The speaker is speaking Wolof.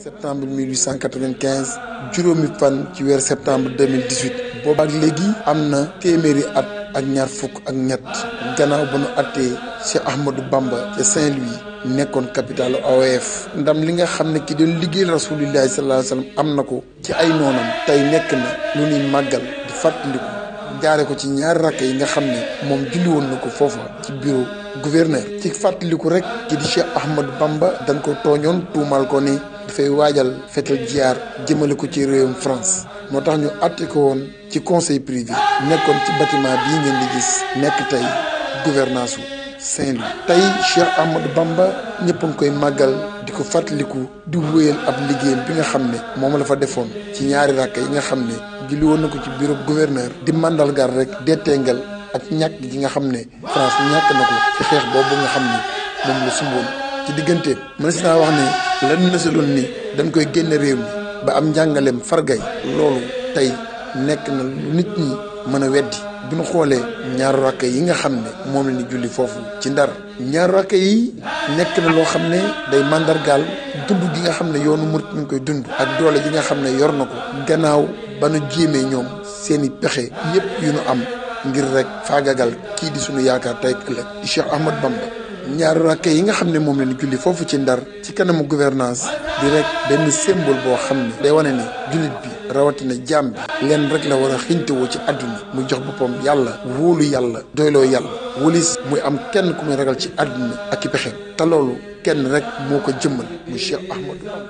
septembre 1895 juróomi fan ci weer septembre 2018 booba ak léegi am na téeméeri at ak ñaar fukk ak ñett gannaaw ba nu attee Cheikh Ahmadou Bamba ca Saint-Louis nekkoon capitalu AOF ndam li nga xam ne ki doon liggéey la sallallahu alayhi wa sallam am na ko ci ay noonam tey nekk na lu ñuy màggal di jaare ko ci ñaari rakk yi nga xam ne moom julli woon na ko foofa ci bureau guverner ci fàttaliku rek ki di Cheikh Ahmadou Bamba dañ ko tooñoon tuumal ko ni dafay waajal fetal jiyaar jëmale ko ci réewum France moo tax ñu àtte ko woon ci conseil privé nekkoon ci bâtiment bii ngeen di gis nekk tey guvernance wu Saint-Louis tey Cheikh Ahmadou Bamba ñëpp a koy màggal di ko fàttaliku di wéyal ab liggéeyam bi nga xam ne moom la fa defoon ci ñaari rakk yi nga xam ne julli woon na ko ci bureau gouverneur di màndalgal rek deteengal ak ñàkk gi nga xam ne France ñàkk na ko ci xeex boobu nga xam ne moom la sumboon ci digganteem mën si naa wax ne la lan nasaloon ni dañ koy génn réew mi ba am njàngaleem fargay loolu tey nekk na lu nit ñi mën a weddi bu ñu xoolee ñaaru rakk yi nga xam ne moom la ñu julli foofu ci ndar ñaaru rakk yi nekk na loo xam ne day màndargaal dund gi nga xam ne yoonu mu mi ngi koy dund ak doole ji nga xam ne yor na ko gannaaw ba nu jéemee ñoom seeni pexe yépp yu nu am ngir rek faagagal kii di suñu yaakaar tey ëllëg di Cheikh Ahmad Bamba ñaaru rakk yi nga xam ne moom lañ julli foofu ci ndar ci kanamu gouvernance bi rek benn symbole boo xam ne day wane ne jullit bi rawatina jaam bi leen rek la war a xintewoo ci àdduna muy jox boppam yàlla wóolu yàlla doyloo yàlla wólis muy am kenn ku muy ragal ci àdduna ak i pexeem te loolu kenn rek moo ko jëmmal muy Cheikh Ahmadou